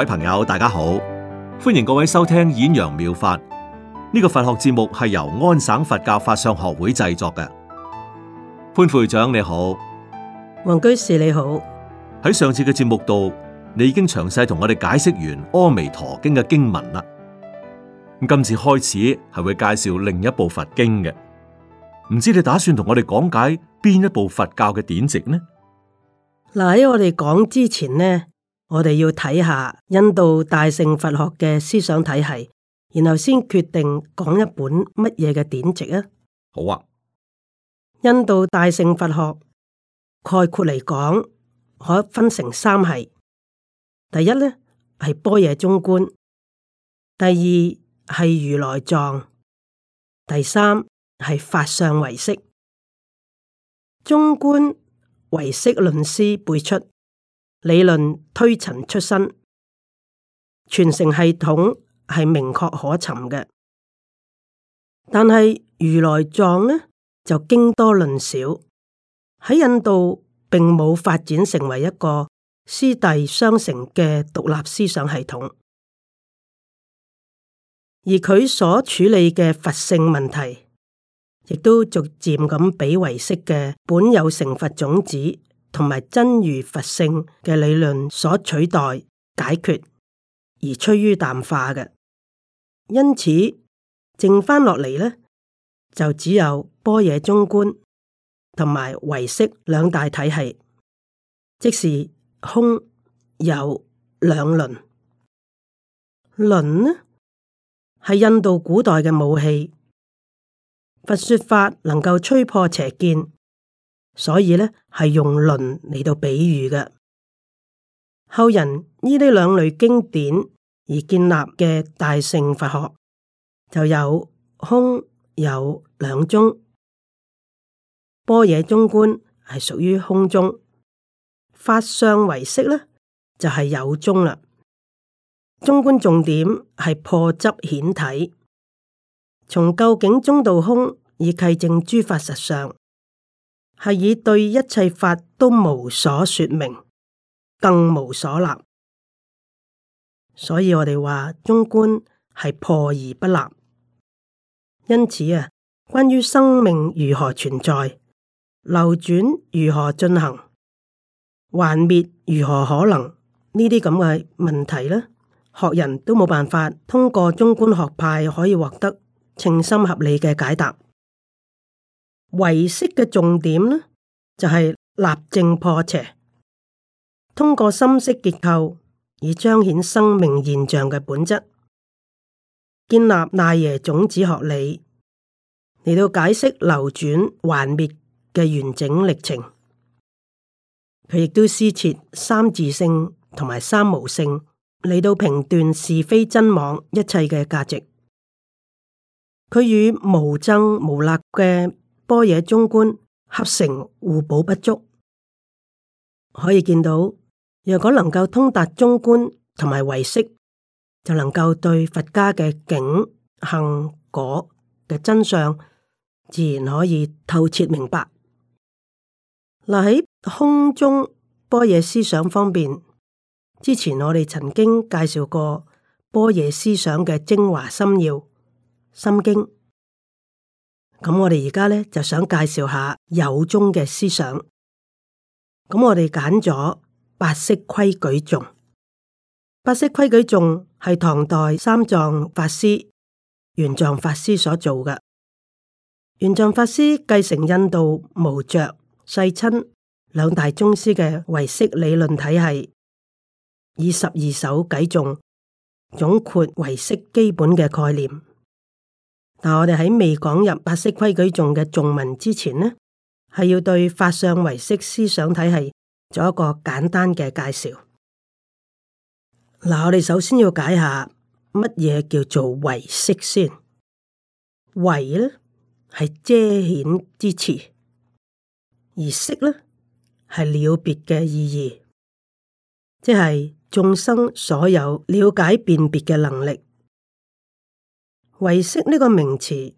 各位朋友，大家好，歡迎各位收聽《演揚妙，妙法》呢個佛學節目，係由安省佛教法相學會製作嘅。潘副會長你好，黃居士你好。喺上次嘅節目度，你已經詳細同我哋解釋完《阿彌陀經》嘅經文啦。今次開始係會介紹另一部佛經嘅，唔知你打算同我哋講解邊一部佛教嘅典籍呢？嗱，喺我哋講之前呢，我哋要睇下印度大乘佛學嘅思想體系，然後先決定講一本乜嘢嘅典籍啊！好啊，印度大乘佛學概括嚟講，可以分成三系：第一呢係般若中觀，第二係如來藏，第三係法相唯識。中觀唯識論師輩出。理論推陳出新，傳承系統係明確可尋嘅。但係如來藏呢，就經多論少，喺印度並冇發展成為一個師弟相承嘅獨立思想系統。而佢所處理嘅佛性問題，亦都逐漸咁俾遺失嘅本有成佛種子同埋真如佛性嘅理論所取代解決，而趨於淡化嘅。因此剩返落嚟呢，就只有般若中觀同埋唯識兩大體系，即是空有兩輪。輪呢係印度古代嘅武器，佛說法能夠吹破邪見。所以咧，係用論嚟到比喻嘅。後人依啲兩類經典而建立嘅大乘佛學，就有空有兩宗。般若中觀係屬於空宗，法相唯識咧，就係、是、有宗啦。中觀重點係破執顯體，從究竟中道空以契證諸法實相。係以對一切法都無所說明，更無所立，所以我哋話中觀係破而不立。因此啊，關於生命如何存在、流轉如何進行、幻滅如何可能呢啲咁嘅問題咧，學人都冇辦法通過中觀學派可以獲得稱心合理嘅解答。唯識嘅重點咧，就係、是、立正破邪，通過心識結構以彰顯生命現象嘅本質，建立賴耶種子學理嚟到解釋流轉幻滅嘅完整歷程。佢亦都施設三自性同埋三無性嚟到評斷是非真妄一切嘅價值。佢與無爭無立嘅。般若中觀合成，互補不足。可以見到，若果能夠通達中觀同埋唯識，就能夠對佛家嘅境、行、果嘅真相，自然可以透徹明白。嗱，喺空中般若思想方面，之前我哋曾經介紹過般若思想嘅精華心要心經。咁我哋而家咧就想介紹下有宗嘅思想。咁我哋揀咗《八識規矩頌》，《八識規矩頌》係唐代三藏法師玄奘法師所做嘅。玄奘法師繼承印度無著、世親兩大宗師嘅唯識理論體系，以十二首偈頌，總括唯識基本嘅概念。但我哋喺未講入八識規矩頌嘅頌文之前呢，係要對法相唯識思想體系做一個簡單嘅介紹。嗱，我哋首先要解下乜嘢叫做唯識先。唯呢係遮顯之詞，而識呢係了別嘅意義，即係眾生所有了解辨別嘅能力。唯識呢個名詞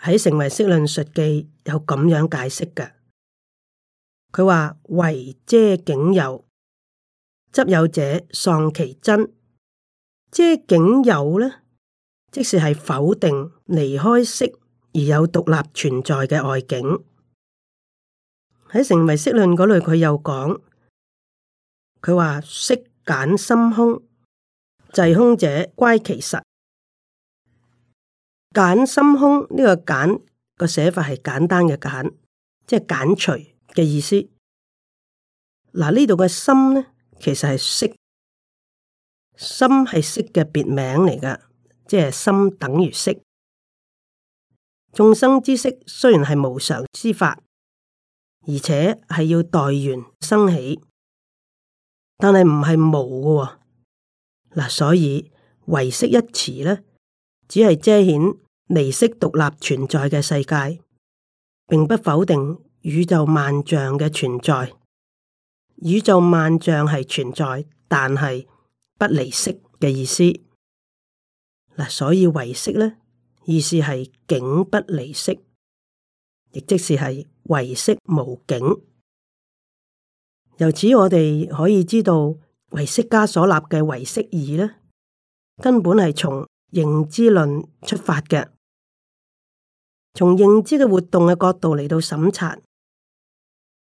喺成唯識論述記有咁樣解釋嘅，佢話，唯遮境有，執有者喪其真，遮境有呢，即是係否定離開識而有獨立存在嘅外境。喺成唯識論嗰類，佢又講，佢話識簡心空，制空者乖其實。簡心空呢個簡個寫法係簡單嘅簡，即係簡除嘅意思。嗱，呢度嘅心呢，其實係識，心係識嘅別名嚟噶，即係心等於識。眾生之識雖然係無常之法，而且係要待緣生起，但係唔係無嘅。嗱，所以唯識一詞呢，只係遮遣。離識獨立存在嘅世界，並不否定宇宙萬象嘅存在。宇宙萬象係存在，但係不離識嘅意思。嗱，所以唯識咧，意思係境不離識，亦即是係唯識無境。由此我哋可以知道，唯識家所立嘅唯識義咧，根本係從認知論出發嘅。從認知嘅活動嘅角度嚟到審查，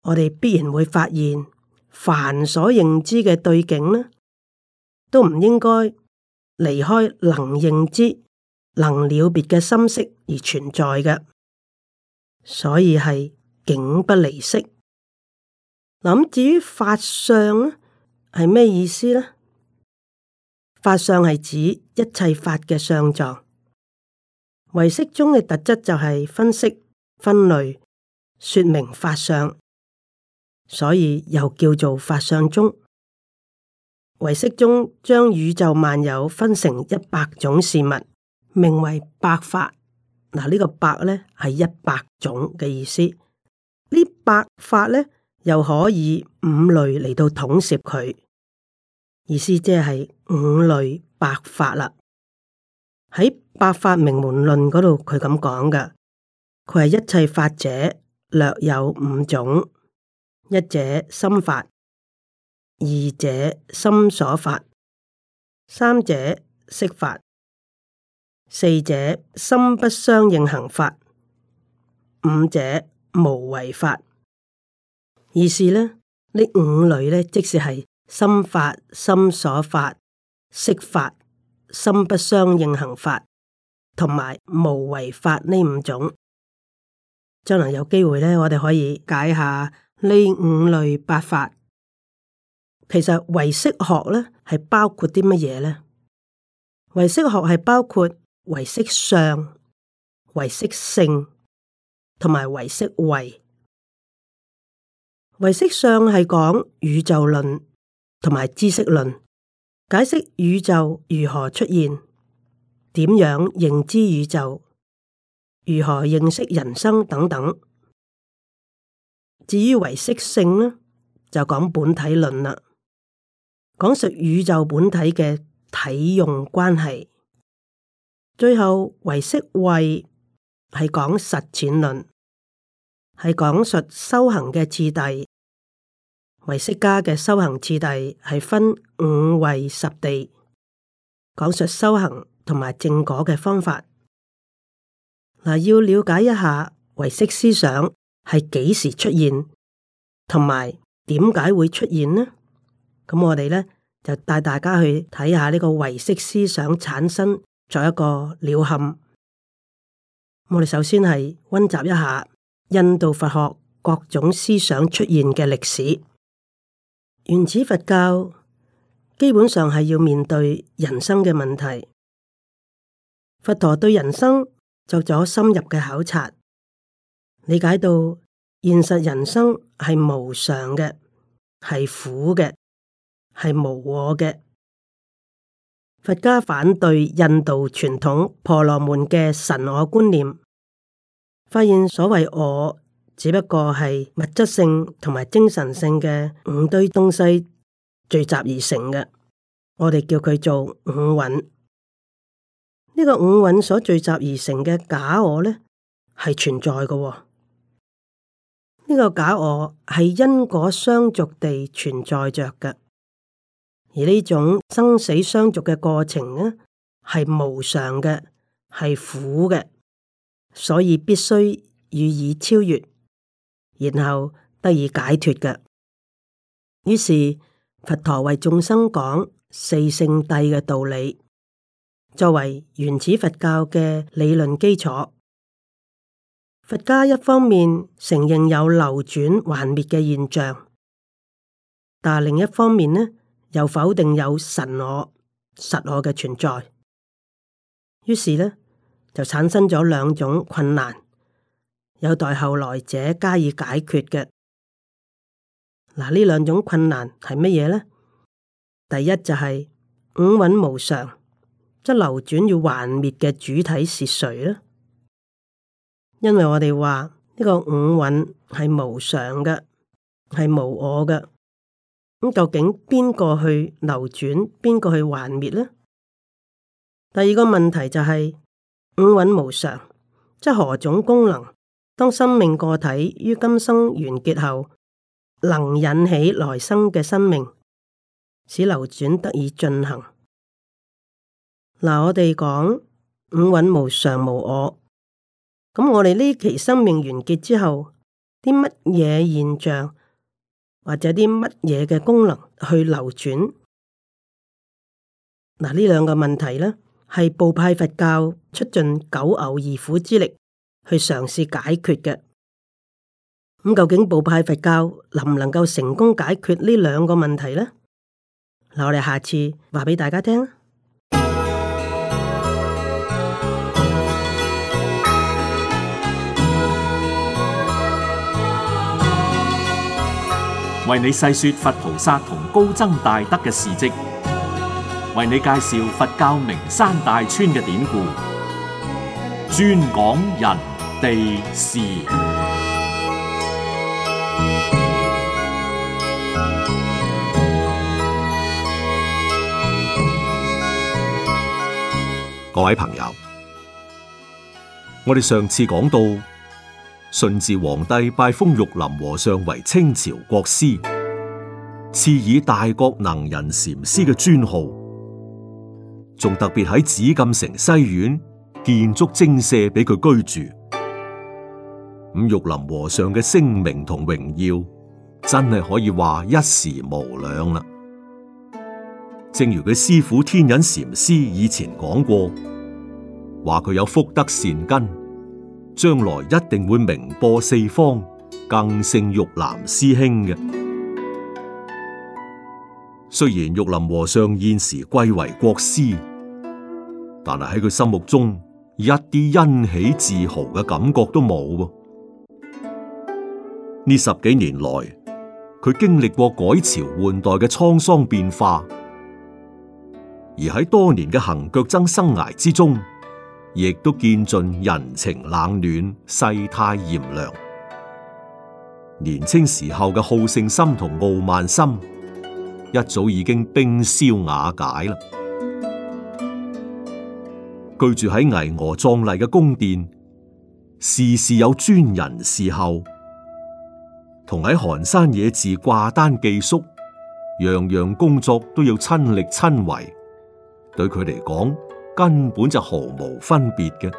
我哋必然會發現凡所認知嘅對境呢，都唔應該離開能認知、能了別嘅心識而存在嘅，所以係境不離識。咁至於法相呢，係咩意思呢？法相係指一切法嘅相狀。唯識宗嘅特質就係分析、分類、說明法相，所以又叫做法相宗。唯識宗將宇宙萬有分成一百種事物，名為百法。嗱，呢個百咧係一百種嘅意思。呢百法咧又可以五類嚟到統攝佢，意思即係五類百法啦。喺《百法明門論》嗰度，佢咁講嘅，佢係一切法者，略有五種：一者心法，二者心所法，三者色法，四者心不相應行法，五者無為法。而是呢，呢五類呢，即使係心法、心所法、色法。心不相應行法同埋無為法呢五種，將來有機會呢，我哋可以解下呢五類八法。其實唯識學呢係包括啲乜嘢呢？唯識學係包括唯識相、唯識性同埋唯識位。唯識相係講宇宙論同埋知識論。解釋宇宙如何出現，點樣認知宇宙，如何認識人生等等。至於唯識性呢，就講本體論啦，講述宇宙本體嘅體用關係。最後唯識位係講實踐論，係講述修行嘅次第。唯識家嘅修行次第係分五位十地，講述修行同埋正果嘅方法。嗱，要了解一下唯識思想係幾時出現，同埋點解會出現呢？咁我哋咧就帶大家去睇下呢個唯識思想產生咗一個鳥瞰。我哋首先係溫習一下印度佛學各種思想出現嘅歷史。原始佛教基本上係要面對人生嘅問題，佛陀對人生作咗深入嘅考察，理解到現實人生係無常嘅，係苦嘅，係無我嘅。佛家反對印度傳統婆羅門嘅神我觀念，發現所謂我，只不過係物質性同埋精神性嘅五堆東西聚集而成嘅，我哋叫佢做五蘊。呢、這個五蘊所聚集而成嘅假我咧，係存在嘅，哦。呢、這個假我係因果相續地存在着嘅，而呢種生死相續嘅過程咧，係無常嘅，係苦嘅，所以必須予以超越。然後得以解脱嘅。於是佛陀為眾生講四聖諦嘅道理，作為原始佛教嘅理論基礎。佛家一方面承認有流轉還滅嘅現象，但另一方面呢，又否定有神我實我嘅存在。於是呢，就產生咗兩種困難。有待後來者加以解決嘅。嗱呢兩種困難係乜嘢咧？第一就係、是、五蘊無常，即流轉要還滅嘅主體是誰咧？因為我哋話呢個五蘊係無常嘅，係無我嘅，咁究竟邊個去流轉，邊個去還滅咧？第二個問題就係、是、五蘊無常，即何種功能？當生命個體於今生完結後，能引起來生嘅生命，使流轉得以進行。嗱，我哋講五蘊無常無我，咁我哋呢期生命完結之後，啲乜嘢現象或者啲乜嘢嘅功能去流轉？嗱，呢兩個問題咧，係部派佛教出盡九牛二虎之力。去嘗試解決嘅，咁究竟部派佛教能唔能夠成功解決呢兩個問題呢？嗱，我哋下次話俾大家聽。為你細說佛菩薩同高僧大德嘅事跡，為你介紹佛教名山大川嘅典故，專講人。地事，各位朋友，我哋上次講到，順治皇帝拜封玉林和尚為清朝國師，賜以大國能人禪師嘅尊號，仲特別喺紫禁城西苑建築精舍俾佢居住。咁玉林和尚嘅聲名同榮耀，真係可以話一時無兩啦。正如佢師父天隱禪師以前講過，話佢有福德善根，將來一定會名播四方，更勝玉林師兄嘅。雖然玉林和尚現時歸為國師，但係喺佢心目中一啲欣喜自豪嘅感覺都冇。呢十幾年來，佢經歷過改朝換代嘅滄桑變化，而喺多年嘅行腳僧生涯之中，亦都見盡人情冷暖、世態炎涼。年輕時候嘅好勝心同傲慢心，一早已經冰消瓦解啦。居住喺巍峨壯麗嘅宮殿，事事有專人侍候。同喺寒山野寺掛單寄宿，樣樣工作都要親力親為，對佢嚟講根本就毫無分別嘅。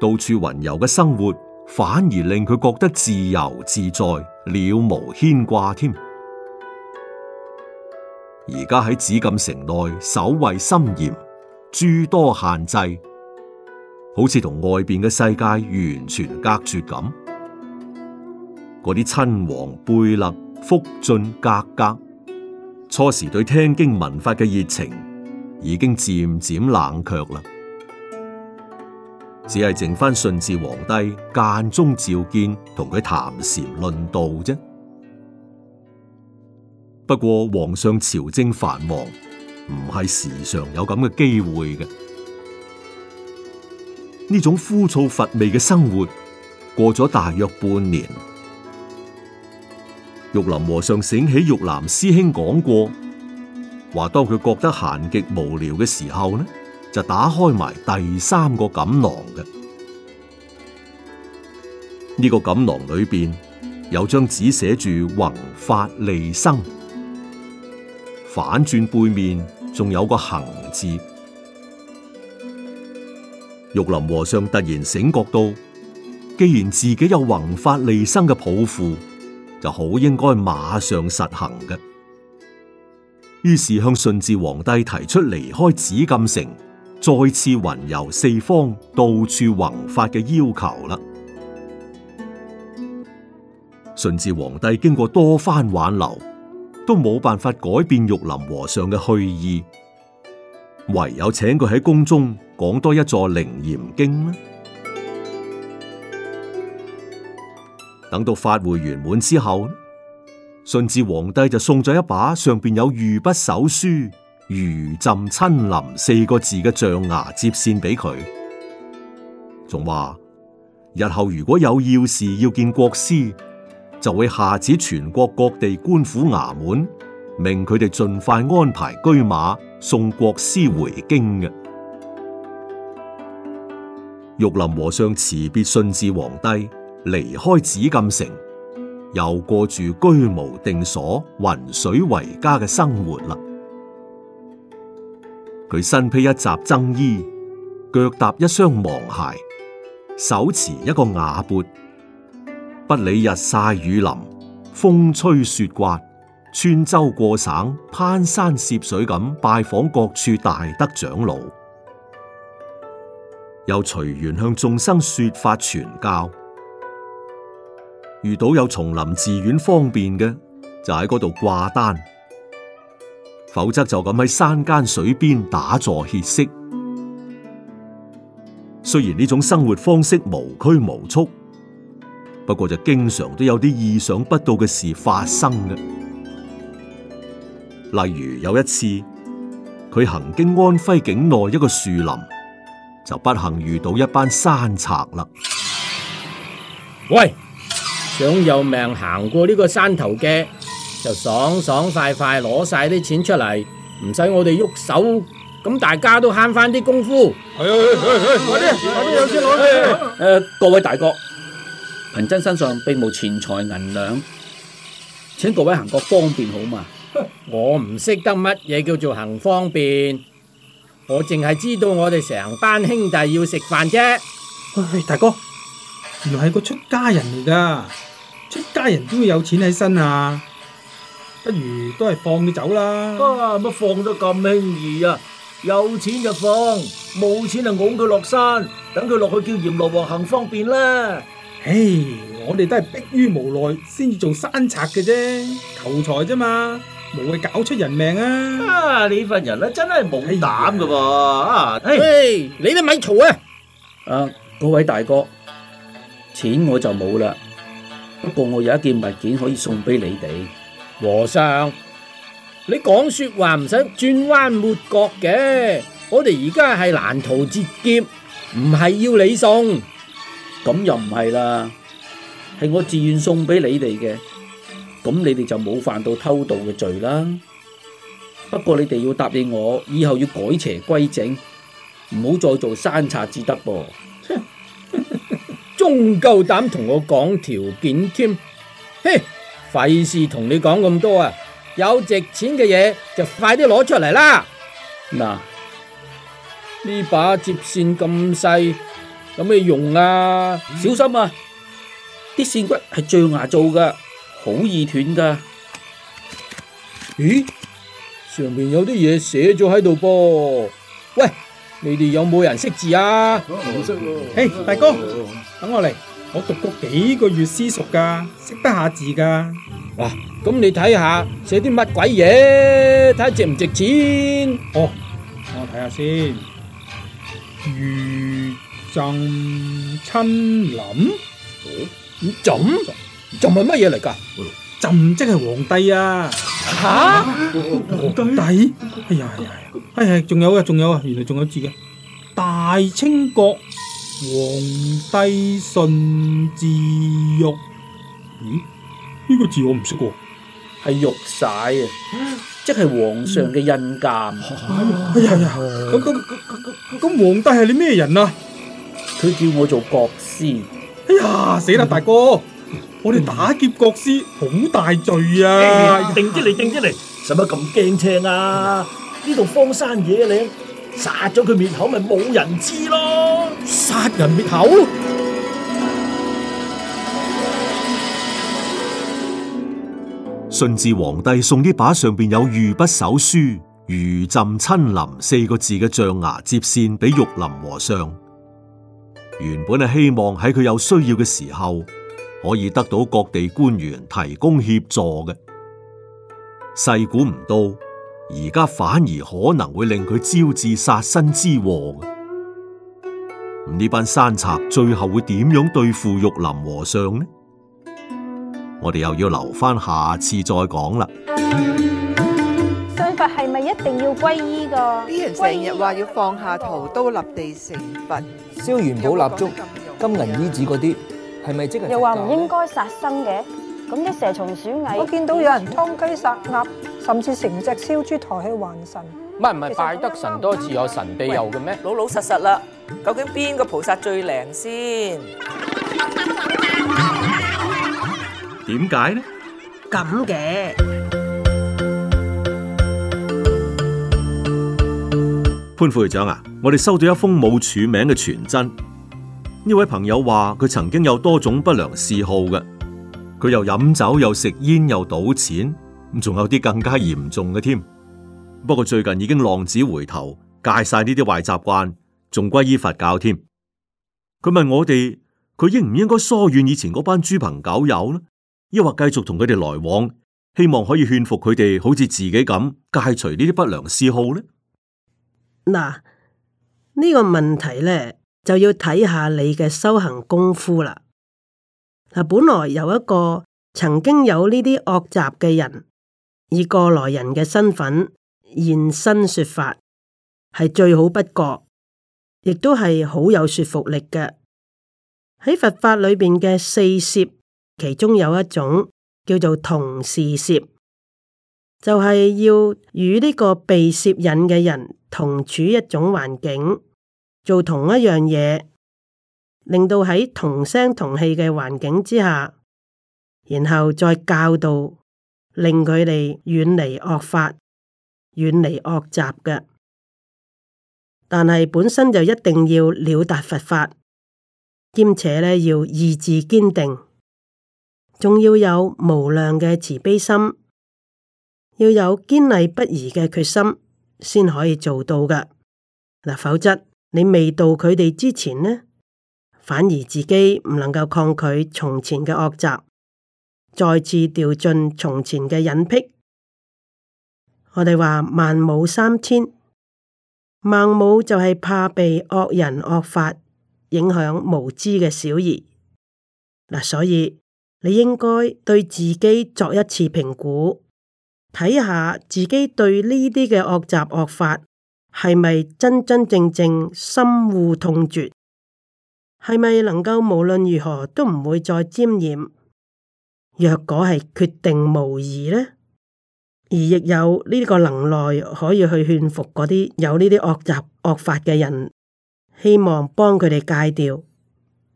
到處雲遊嘅生活，反而令佢覺得自由自在、了無牽掛添。而家喺紫禁城內守衛森嚴、諸多限制，好似同外邊嘅世界完全隔絕咁。嗰啲親王貝勒福晉格格，初時對聽經聞法嘅熱情已經漸漸冷卻啦，只係剩翻順治皇帝間中召見同佢談禪論道啫。不過皇上朝政繁忙，唔係時常有咁嘅機會嘅。呢種枯燥乏味嘅生活過咗大約半年。玉林和尚醒起玉林師兄講過，話當佢覺得閒極無聊嘅時候呢，就打開埋第三個錦囊嘅。呢、這個錦囊裏邊有張紙寫住弘法利生，反轉背面仲有個行字。玉林和尚突然醒覺到，既然自己有弘法利生嘅抱負。就好應該馬上實行嘅，於是向順治皇帝提出離開紫禁城，再次雲遊四方，到處弘法嘅要求啦。順治皇帝經過多番挽留，都冇辦法改變玉林和尚嘅去意，唯有請佢喺宮中講多一座《楞嚴經呢》啦。等到法會圓滿之後，順治皇帝就送咗一把上邊有御筆手書“如朕親臨”四個字嘅象牙接線俾佢，仲話日後如果有要事要見國師，就會下旨全國各地官府衙門，命佢哋盡快安排車馬送國師回京嘅。玉林和尚辭別順治皇帝。離開紫禁城，又過住居無定所、雲水為家嘅生活啦。佢身披一襲僧衣，腳踏一雙芒鞋，手持一個瓦鉢，不理日曬雨淋、風吹雪刮，穿州過省、攀山涉水咁拜訪各處大德長老，又隨緣向眾生說法傳教。遇到有叢林寺院方便嘅，就喺嗰度掛單；否則就咁喺山間水邊打坐歇息。雖然呢種生活方式無拘無束，不過就經常都有啲意想不到嘅事發生嘅。例如有一次，佢行經安徽境內一個樹林，就不幸遇到一班山賊啦。喂！想有命行過呢個山頭嘅，就爽爽快快攞晒啲錢出嚟，唔使我哋喐手，咁大家都慳翻啲功夫。係啊，快啲，快啲有錢攞！誒，各位大哥，貧僧身上並冇錢財銀兩，請各位行個方便好嘛？我唔識得乜嘢叫做行方便，我淨係知道我哋成班兄弟要食飯啫。喂，大哥，原來係個出家人嚟噶。出家人點會有錢喺身啊？不如都係放佢走啦！啊！乜放得咁輕易啊？有錢就放，冇錢就拱佢落山，等佢落去叫閻羅王行方便啦！唉，我哋都係逼於無奈先至做山賊嘅啫，求財啫嘛，無謂搞出人命啊！啊！你份人咧真係冇膽嘅噃！哎，你都咪嘈啊！哎、呀啊，嗰、啊啊、位大哥，錢我就冇啦。不過我有一件物件可以送俾你哋。和尚，你講說話唔使轉彎抹角嘅，我哋而家係難逃劫，唔係要你送。咁又唔係啦，係我自願送俾你哋嘅，咁你哋就冇犯到偷盜嘅罪啦。不過你哋要答應我，以後要改邪歸正，唔好再做山賊至得噃。仲夠膽同我講條件添？嘿，費事同你講咁多啊！有值錢嘅嘢，就快啲攞出嚟啦！嗱，呢把接線咁細，有咩用啊？嗯、小心啊！啲線骨係象牙做噶，好易斷噶。咦？上面有啲嘢寫咗喺度噃？喂，你哋有冇人識字啊？唔識、哦。嘿、啊，hey, 大哥。哦等我嚟，我讀過幾個月私塾噶，識得下字噶。哇，咁你睇下寫啲乜鬼嘢，睇下值唔值錢。哦，我睇下先。如朕親臨，朕朕係乜嘢嚟噶？朕祖即係皇帝啊！吓，皇帝，哎呀哎呀，哎係，仲有啊，仲有啊，原來仲有字嘅，大清國。皇帝順治玉，咦，呢、這個字我唔識喎。係玉璽啊，即係皇上嘅印鑑。哎呀哎哎呀，咁咁咁皇帝係你咩人啊？佢叫我做國師。哎呀，死啦大哥！嗯、我哋打劫國師，好大罪啊！定啲嚟，定啲嚟，使乜咁驚青啊？呢度荒山野嶺。殺咗佢滅口咪冇人知咯！殺人滅口。順治皇帝送呢把上邊有御筆手書“如朕親臨”四個字嘅象牙接線俾玉林和尚，原本係希望喺佢有需要嘅時候可以得到各地官員提供協助嘅，細估唔到。而家反而可能會令佢招致殺身之禍。呢班山賊最後會點樣對付玉林和尚呢？我哋又要留翻下，下次再講啦。信佛係咪一定要皈依噶？呢人成日話要放下屠刀立地成佛，燒元寶蠟燭、有有金銀衣紙嗰啲，係咪即係？又話唔應該殺生嘅？咁啲蛇蟲鼠蟻，我見到有人殺雞殺鴨。甚至成隻燒豬抬起還神，唔係唔係，拜得神多似有神庇佑嘅咩？老老實實啦，究竟邊個菩薩最靈先？點解呢？咁嘅潘副會長啊，我哋收到一封冇署名嘅傳真，呢位朋友話佢曾經有多種不良嗜好嘅，佢又飲酒又食煙又賭錢。咁仲有啲更加嚴重嘅添，不過最近已經浪子回頭，戒晒呢啲壞習慣，仲皈依佛教添。佢問我哋，佢應唔應該疏遠以前嗰班豬朋狗友呢？抑或繼續同佢哋來往，希望可以勸服佢哋，好似自己咁戒除呢啲不良嗜好呢？嗱，呢個問題咧，就要睇下你嘅修行功夫啦。嗱，本來有一個曾經有呢啲惡習嘅人。以過來人嘅身份現身說法，係最好不過，亦都係好有說服力嘅。喺佛法裏邊嘅四攝，其中有一種叫做同事攝，就係要與呢個被攝引嘅人同處一種環境，做同一樣嘢，令到喺同聲同氣嘅環境之下，然後再教導。令佢哋遠離惡法、遠離惡習嘅，但係本身就一定要了達佛法，兼且咧要意志堅定，仲要有無量嘅慈悲心，要有堅毅不移嘅決心，先可以做到嘅。嗱，否則你未到佢哋之前呢，反而自己唔能夠抗拒從前嘅惡習。再次掉進從前嘅隱癖，我哋話孟母三遷，孟母就係怕被惡人惡法影響無知嘅小兒。嗱，所以你應該對自己作一次評估，睇下自己對呢啲嘅惡習惡法係咪真真正正深惡痛絕，係咪能夠無論如何都唔會再沾染？若果係決定無疑呢，而亦有呢個能耐可以去勸服嗰啲有呢啲惡習惡法嘅人，希望幫佢哋戒掉。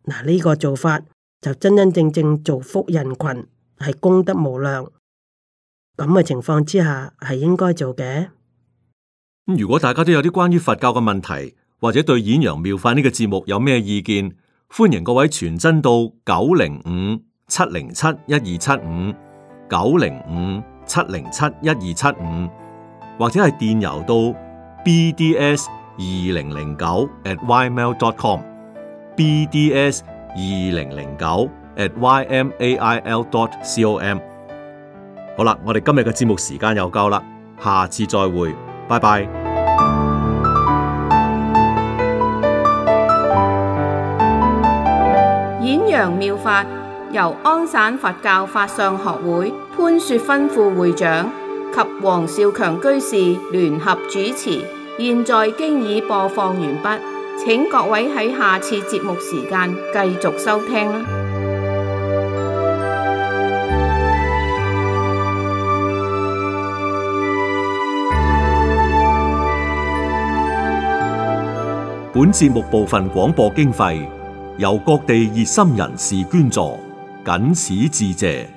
嗱、這、呢個做法就真真正正造福人群，係功德無量。咁嘅情況之下係應該做嘅。如果大家都有啲關於佛教嘅問題，或者對演揚妙法呢、這個節目有咩意見，歡迎各位傳真到九零五。七零七一二七五九零五七零七一二七五，75, 75, 或者係電郵到 bds 二零零九 atymail.com，bds 二零零九 atymail.com。好啦，我哋今日嘅節目時間又夠啦，下次再會，拜拜。演揚妙法。由安省佛教法相學會潘雪芬副會長及黃少強居士聯合主持，現在經已播放完畢，請各位喺下次節目時間繼續收聽啦。本節目部分廣播經費由各地熱心人士捐助。僅此致謝。